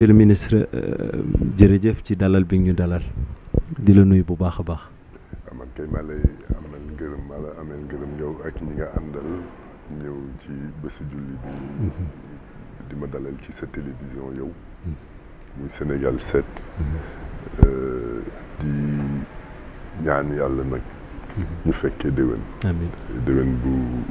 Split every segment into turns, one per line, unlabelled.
monsieur le ministre euh, jërëjëf ci dalal bi ñu dalal di la nuyu bu baax a baax.
man kay maa lay amal ngërëm maa la amee yow ak ñi nga àndal ñëw ci bésu julli bi mm-hmm. di ma dalal ci sa télévision yow. Mm-hmm. muy Sénégal 7. Mm-hmm. Euh, di ñaan yàlla nag. ñu fekkee déwén. amiin bu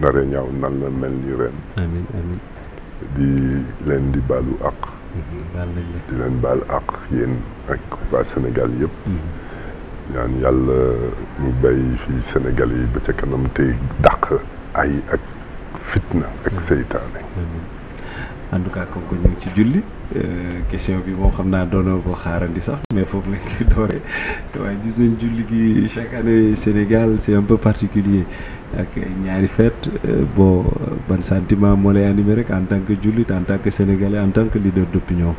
naree ñaaw nan la mel ni ren. di leen di baalu àq. di leen baal àq yéen ak waa Sénégal yëpp. ñaan yàlla mu bay fii Sénégal yi ba ca kanam te dàq ay ak fitna ak mm-hmm. seytaane. Mm-hmm. en tout cas comme ñu ngi ci julli euh,
question bi moo xam naa doonoo ko di sax mais foofu lañ koy dooree waaye gis nañ julli gi chaque année Sénégal c'est un peu particulier ak ñaari fête euh, bon ban santiment moo lay animé rek en tant que jullit en tant que sénégalais en tant que leader d'opinion.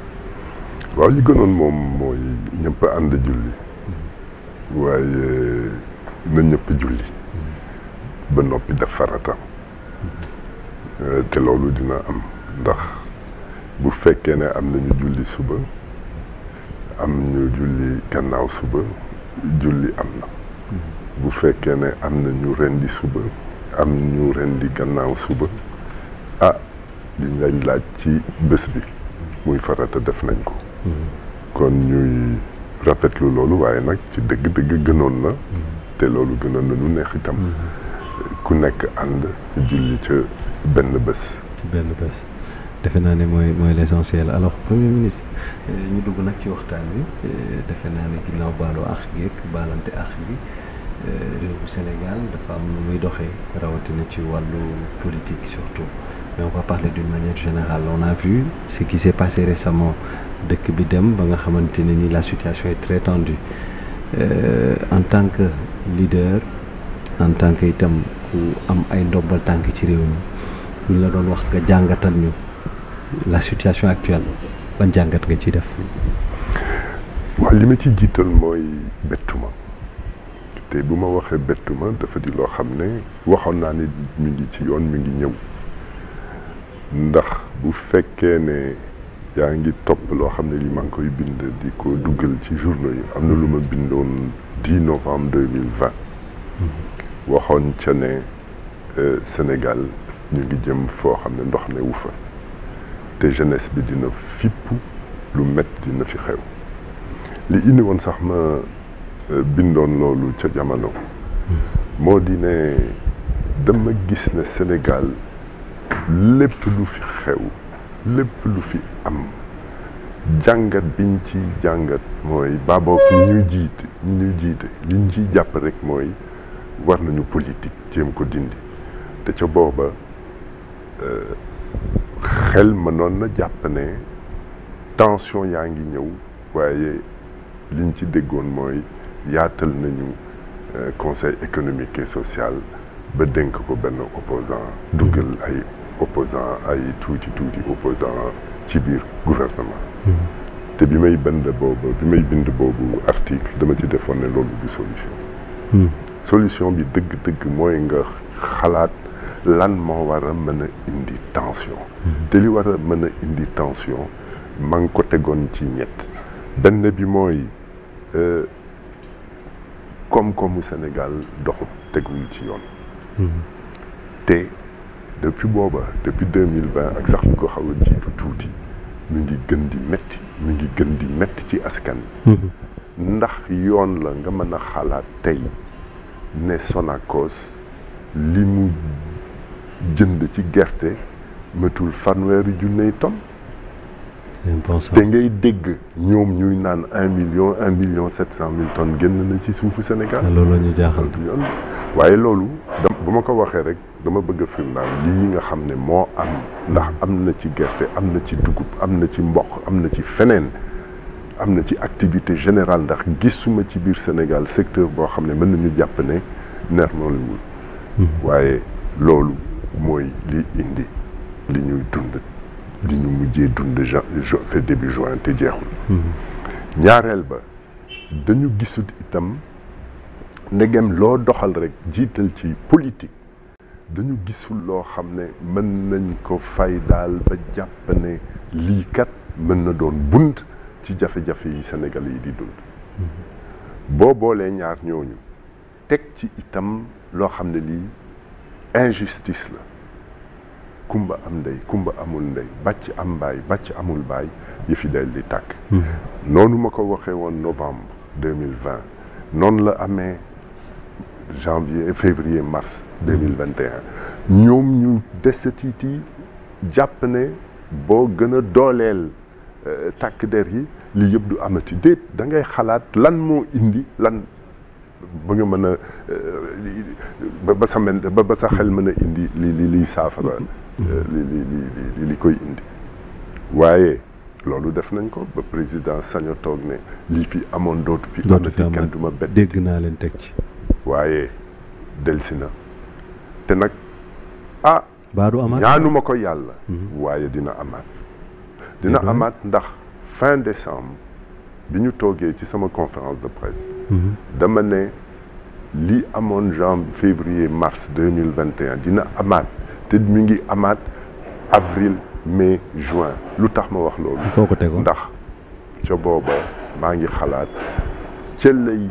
waaw li gënoon moom mooy ñëpp ànd julli hmm. waaye na ñëpp julli hmm. ba noppi def farata hmm. euh, te loolu dina am ndax bu fekkee ne am ñu julli suba am ñu julli gannaaw suba julli am na. Mm-hmm. bu fekkee ne am na ñu rendi suba am ñu ren di gannaaw suba ah liñ lañ laaj ci bés bi muy farata def nañ ko mm-hmm. kon ñuy rafetlu loolu waaye nag ci dëgg-dëgg gënoon na mm-hmm. te loolu gënoon na lu neex itam ku nekk ànd julli ca benn bés benn bés
defe naa ne mooy mooy l'essentiel alors premier ministre euh, ñu dugg nag ci waxtaan wi euh, defe naa ne ginnaaw baalu àq geeg baalante àq bi euh, réew bu Sénégal dafa am nu muy doxee rawatina ci wàllu politique surtout mais on va parler d'une manière générale on a vu ce qui s'est passé dëkk bi dem ba nga xamante ne ni la situation est très tendue en tant que leader en tant que itam ku am ay ndombal tànk ci réew mi ñu la doon wax nga jàngatal ñu. la situation actuelle ban jàngat nga
ciy def. waaw li ma ci jiital mooy bettuma te bu ma waxee bettuma dafa di loo xam ne waxoon naa ni mi ngi ci yoon mi ngi ñëw ndax bu fekkee ne yaa ngi topp loo xam ne li maa ngi koy bind di ko duggal ci journaux yi am na lu ma bindoon 10 novembre 2020 mm-hmm. waxoon ca ne euh, Sénégal ñu ngi jëm foo xam ne ndox newu fa. te jeunesse bi dina fippu lu metti dina fi xew li indi woon sax ma euh, bindoon loolu ca jamono moo di ne dama gis ne Sénégal lépp lu fi xew lépp lu fi am jàngat biñ ci jàngat mooy baaboog ñi ñu jiite ñi ñu jiite liñ ciy jàpp rek mooy war nañu politique jéem ko dindi te ca booba euh, xel ma noon na jàpp ne tension yaa ngi ñëw waaye liñ ci déggoon mooy yaatal nañu euh, conseil économique et social ba dénk ko benn opposant dugal ay opposant ay tuuti tuuti opposant ci biir gouvernement mm-hmm. te bi may benn boobu bi may bind boobu article dama ci defoon ne loolu du solution mm. solution bi dëgg-dëgg mooy nga xalaat lan moo war a mën a indi tension te li war a mën indi tension ma ko tegoon ci ñett benn bi mooy euh, koom-koomu Sénégal doxu tegul ci yoon te depuis booba depuis deux mille vingt ak sax lu ko xaw a jiitu tuuti mu ngi gën di metti mu ngi gën di metti ci askan ndax yoon la nga mën a xalaat tey ne Sonacos li mu jënd ci gerte matul fanweeri junney ton te ngay dégg ñoom ñuy naan un million un million sept cent mille génn na ci suufu Sénégal. Ah, loolu la ñu jaaxal waaye loolu. bu ma ko waxee rek dama bëgg a firndaal lii nga xam ne moo am ndax am na ci gerte am na ci dugub am na ci mboq am na ci feneen am na ci activité général ndax gisuma ci biir Sénégal secteur boo xam ne mën nañu jàpp ne neex na wul hmm. waaye loolu. mooy li indi li ñuy dund li ñu mujjee dund fe te jeexul mm-hmm. ñaareel ba dañu gisul itam ndegem loo doxal rek jiital ci politique dañu gisul loo xam ne mën nañ ko fay daal ba jàpp lii kat mën na doon bunt ci jafe-jafe yi Sénégal yi di dund mm-hmm. boo boolee ñaar ñooñu teg ci itam loo xam ne lii injustice la kumba am ndey kumba amul ndey bàcc am baay bàcc amul baay yëfi del di tàkk hmm. noonu ma ko waxee woon novembre deux mille vingt noonu la amee janvier février mars deux mille vingt et un ñu desatiti jàpp ne boo gën a dooleel euh, tàkk der yi li yëpp du amati déet da ngay xalaat lan moo indi lan ba nga mën a ba sa mel ba sa xel mën a indi li li liy saafara mm-hmm. euh, li li li li koy indi waaye loolu def nañ ko ba président saño toog ne lii fi amoon dootu fi amati kenn duma bett dégg naa leen teg ci waaye delsi na te nag ah baadu amaat ñaanuma ko yàlla mm-hmm. waaye dina amaat dina amaat ndax fin décembre bi ñu toogee ci sama conférence de presse. Mhm. dama ne li amoon janvier février mars deux mille vingt et dina amaat te mi ngi amaat avril mai juin lu tax ma wax loolu. ndax ca booba maa ngi xalaat ca lay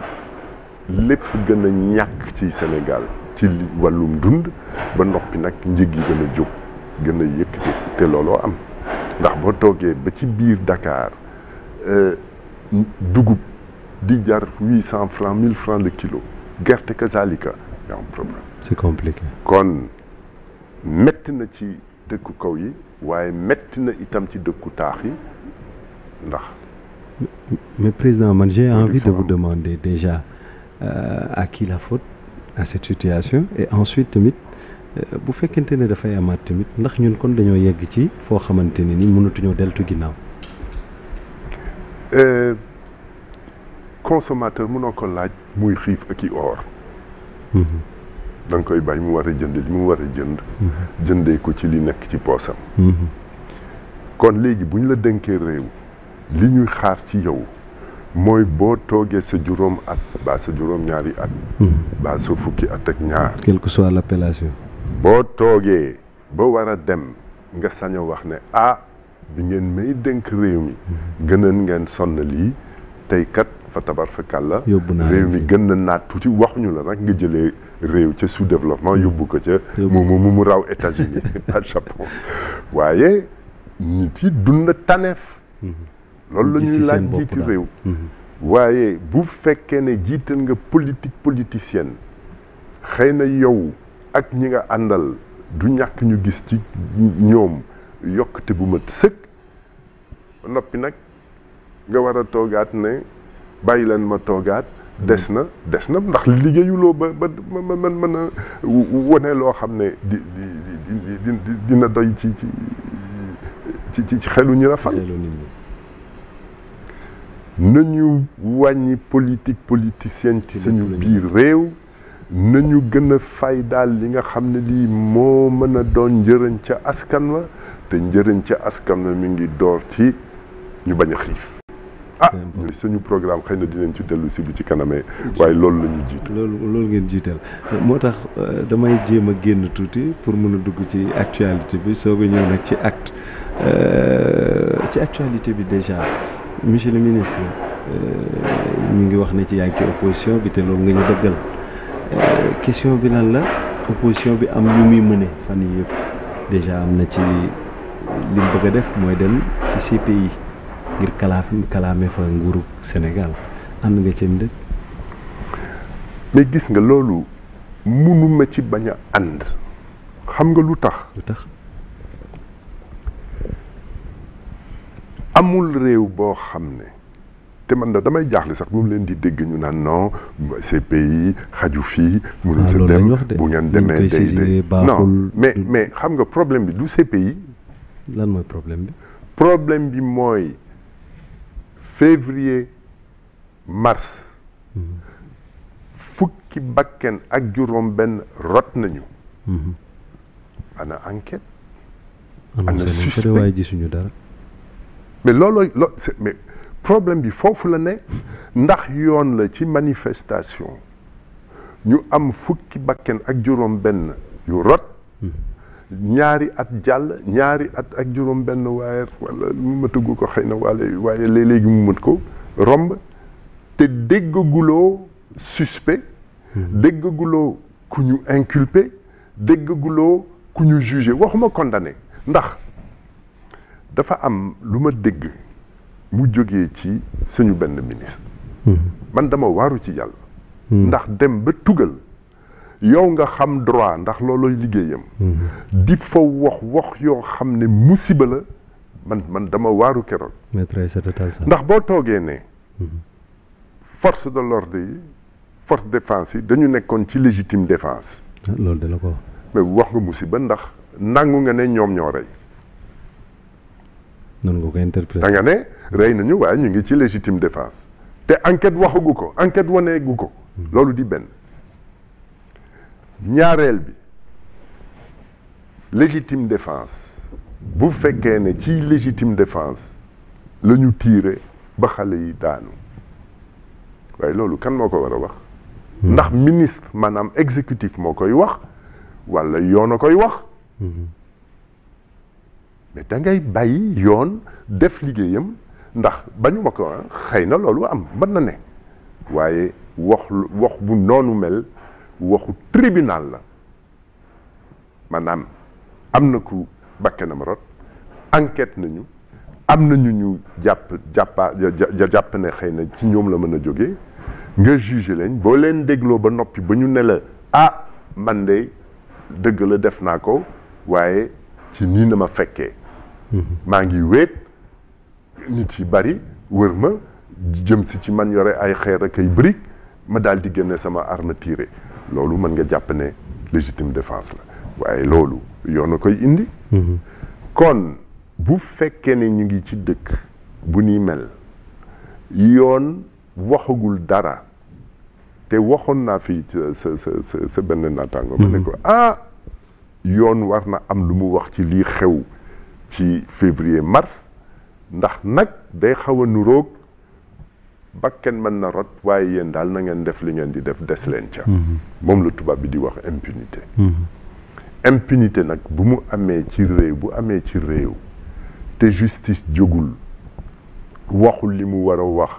lépp gën a ñàkk ci Sénégal ci wàllum dund ba bi nag njëg yi gën a jóg gën a yëkkati te looloo am ndax boo toogee ba ci biir Dakar. Euh, dugub di jar huit cent francs mille francs le kilo gerte kazalika y a c'est compliqué. kon métti na ci dëkku kaw yi waaye métti na itam ci dëkku taax yi ndax.
mais président man j'ai envie de vous demander déjà euh, à qui la faute à cette situation et ensuite tamit euh, bu fekkente ne dafay amaat tamit ndax ñun kon dañoo yegg ci foo xamante ne ni mënatuñoo deltu ginnaaw.
Euh, consommateur munoo ko laaj muy xiif ak i or mhm. da koy bàyyi mu war a jënd mu war a jënd mhm. jëndee ko ci li nekk ci poosam mhm. kon léegi bu ñu la dénkee réew li ñuy xaar ci yow mooy boo toogee sa juróom at baa sa juróom ñaari at baa sa fukki at ak ñaar
quelle que soit l'appellation
boo toogee ba war a dem nga sañ wax ne ah bi ngeen may dénk réew mi gënoon ngeen sonn lii tey kat fa tabar fa kàlla réew mi gën na naat tuuti waxuñu la nag nga jëlee réew ca sous développement mm. yóbbu ko ca mu mu mu raw États-Unis ak Japon waaye nit yi dund taneef mm-hmm.
loolu lañuy laaj jiitu réew
mm-hmm. waaye bu fekkee ne jiital nga politique politicienne xëy na yow ak ñi nga àndal du ñàkk ñu gis ci ñoom yokkute bu mat sëkk noppi nag nga war a toogaat ne bàyyi leen ma toogaat hmm. des na des na ndax liggéeyuloo ba ba man mën a wone loo xam ne di di dina doy ci ci ci ci xelu ñu la na ñu wàññi politik politicienne ci suñu biir réew na ñu gën a fay daal li nga xam ne lii moo mën a doon njëriñ ca askan wa te njëriñ ci askan na mi ngi door ci ñu bañ a xiif ah, suñu programme xëy na dinañ ci dellu si bu ci kanamee waaye loolu la ñu jiital loolu ngeen jiital
moo tax euh, damay jéem a génn tuuti pour mën a dugg ci actualité bi soog a ñëw nag ci acte euh, ci actualité bi déjà monsieur le ministre euh, ñu ngi wax ne ci yaa ngi ci opposition bi te loolu nga ñu dëggal question bi lan la opposition bi am lu muy mëne fan yii yëpp déjà am na ci li mu def mooy dem ci CPI ngir
kalaame fa nguuru Sénégal ànd nga ceen dëkk mais gis nga loolu munuma ci bañ a ànd xam nga lu tax lu tax amul réew boo xam ne te man da damay jaaxle sax ñu leen di dégg ñu naan non CPI xaju fii mënuñ sa ah, dem bu ngeen demee day day non mais mais xam nga problème bi du CPI lan mooy problème bi. problème bi mooy février mars mhm. fukki bakken ak juróom benn rot nañu. Mhm. ana enquête.
ana suspect waaye gisuñu dara.
mais looloo loo problème bi foofu la ne ndax yoon la ci manifestation ñu am fukki bakken ak juróom benn yu rot. Mhm. ñaari at jàll ñaari at ak juróom benn waaye wala mu matagu ko xëy na wala waaye léeg-léegi mu mën ko romb te déggaguloo suspect hmm. déggaguloo ku ñu inculpé déggaguloo ku ñu jugé waxuma condamné ndax dafa am lu ma dégg mu jóge ci suñu benn ministre hmm. man dama waaru ci yàlla hmm. ndax dem ba tugal yow nga xam droit ndax loolu liggéeyam. Mhm. di fa wax wax yoo xam ne musiba la man man dama waaru keroog.
ndax
boo toogee ne. Mhm. force de l'ordre yi force défense yi dañu nekkoon ci légitime défense. Ah, loolu de la ko mais wax nga musiba ndax nangu nga ne ñoom ñoo rey. noonu nga ko interprété da ne rey nañu waaye ñu ngi ci légitime défense te enquête waxagu ko enquête waneegu ko. Mhm. loolu di benn. ñaareel bi légitime défense bu fekkee ne ci légitime défense la ñu tiire ba xale yi daanu waaye loolu kan moo ko war a wax hmm. ndax ministre maanaam exécutif moo koy wax walla yoon a koy wax hmm. mais da ngay bàyyi yoon def liggéeyam ndax bañu ma ko xëy na loolu am mën na ne waaye wax wax bu noonu mel waxu tribunal la maanaam am na ku bakkanam rot enquête nañu am nañu ñu jàpp jàppa jàpp ne xëy na ci ñoom la mën a jóge nga jugé lañ boo leen dégloo ba noppi ba ñu ne ah man de dëgg la def naa ko waaye ci nii na ma fekkee mm-hmm. maa ngi wéet nit yi bari wër ma jëm si ci man yore ay xeer ak ay brique ma daal di génne sama arme loolu mën nga jàpp ne légitime défense la waaye loolu yoon a koy indi mhm. kon bu fekkee ne ñu ngi ci dëkk bu ni mel yoon waxagul dara te waxoon naa fi sa sa sa sa benn naataango ma ne mhm. ko ah yoon war na am lu mu wax ci lii xew ci février mars ndax nag day xaw a nuroog bakken mën na rot waaye yéen daal na ngeen def li ngeen di def des leen ca mhm. moom la tubaab bi di wax impunité mhm. impunité nag bu mu amee ci réew bu amee ci réew te justice jógul waxul li mu war a wax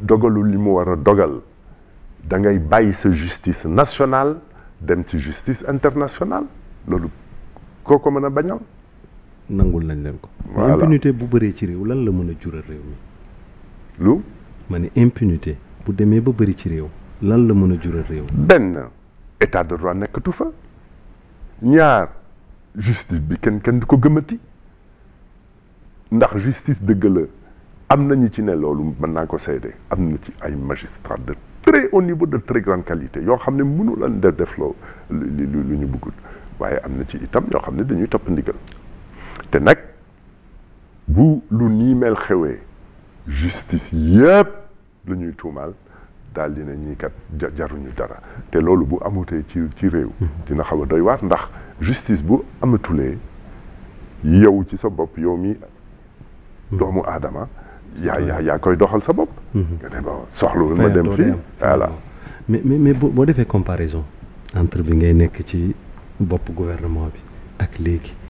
dogalul li mu war a dogal da ngay bàyyi sa justice nationale dem ci justice internationale loolu koo mën a bañal
nangul nañ leen ko impunité bu bëree ci réew lan la mën a jural réew lu ma ne impunité bu demee ba bëri ci réew lan la mën a jural réew
benn état de droit nekkatu fa ñaar justice bi kenn kenn du ko gëmati ndax justice dëgg la am na ñu ci ne loolu mën naa ko seede am na ci ay magistrat de très haut niveau de très grande qualité yoo xam ne mënu lan def def loo lu ñu bëggul waaye am na ci itam yoo xam ne dañuy topp ndigal te nag bu lu nii mel xewee justice yëpp lu ñuy tuumaal daal dina ñii kat jaruñu dara te loolu bu amutee ci ci réew mm-hmm. dina xaw a doy waat ndax justice bu amatulee yow ci sa bopp yow mi mm-hmm. doomu aadama yaa yaa yaa koy doxal sa bopp mm-hmm. nga ne bon soxlawul ma dem fii voilà
mais mais mais boo defee comparaison entre bi ngay nekk ci bopp gouvernement bi ak léegi